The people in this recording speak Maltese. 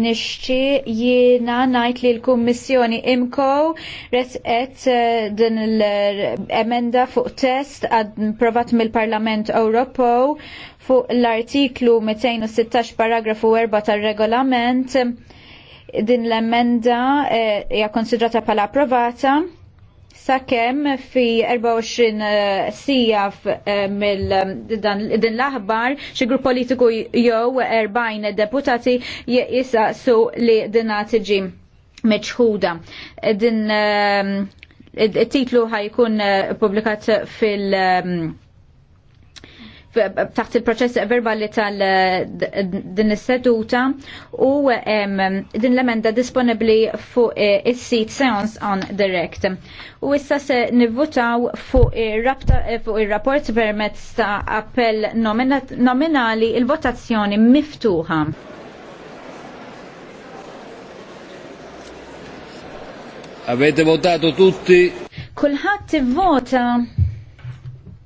nixti jiena najt li l-Kummissjoni imko resqet eh, din l-emenda fuq test għad provat mill-Parlament Ewropew fuq l-artiklu 216 paragrafu 4 tal-regolament din l-emenda eh, hija konsidrata pala approvata sakemm fi 24 eh, sija eh, mill eh, din l-aħbar xi grupp politiku jew 40 deputati jisaqsu li dinha tiġi meċħuda. Din it-titlu ħajkun publikat fil- taħt il-proċess verbali tal eh, din is-seduta u din l-emenda disponibbli fuq eh, is-sit Seance on Direct. U issa se nivvutaw fuq ir-rapport eh, permezz ta' appell nominali il-votazzjoni miftuħa. Avete votato tutti? Kulħadd vota.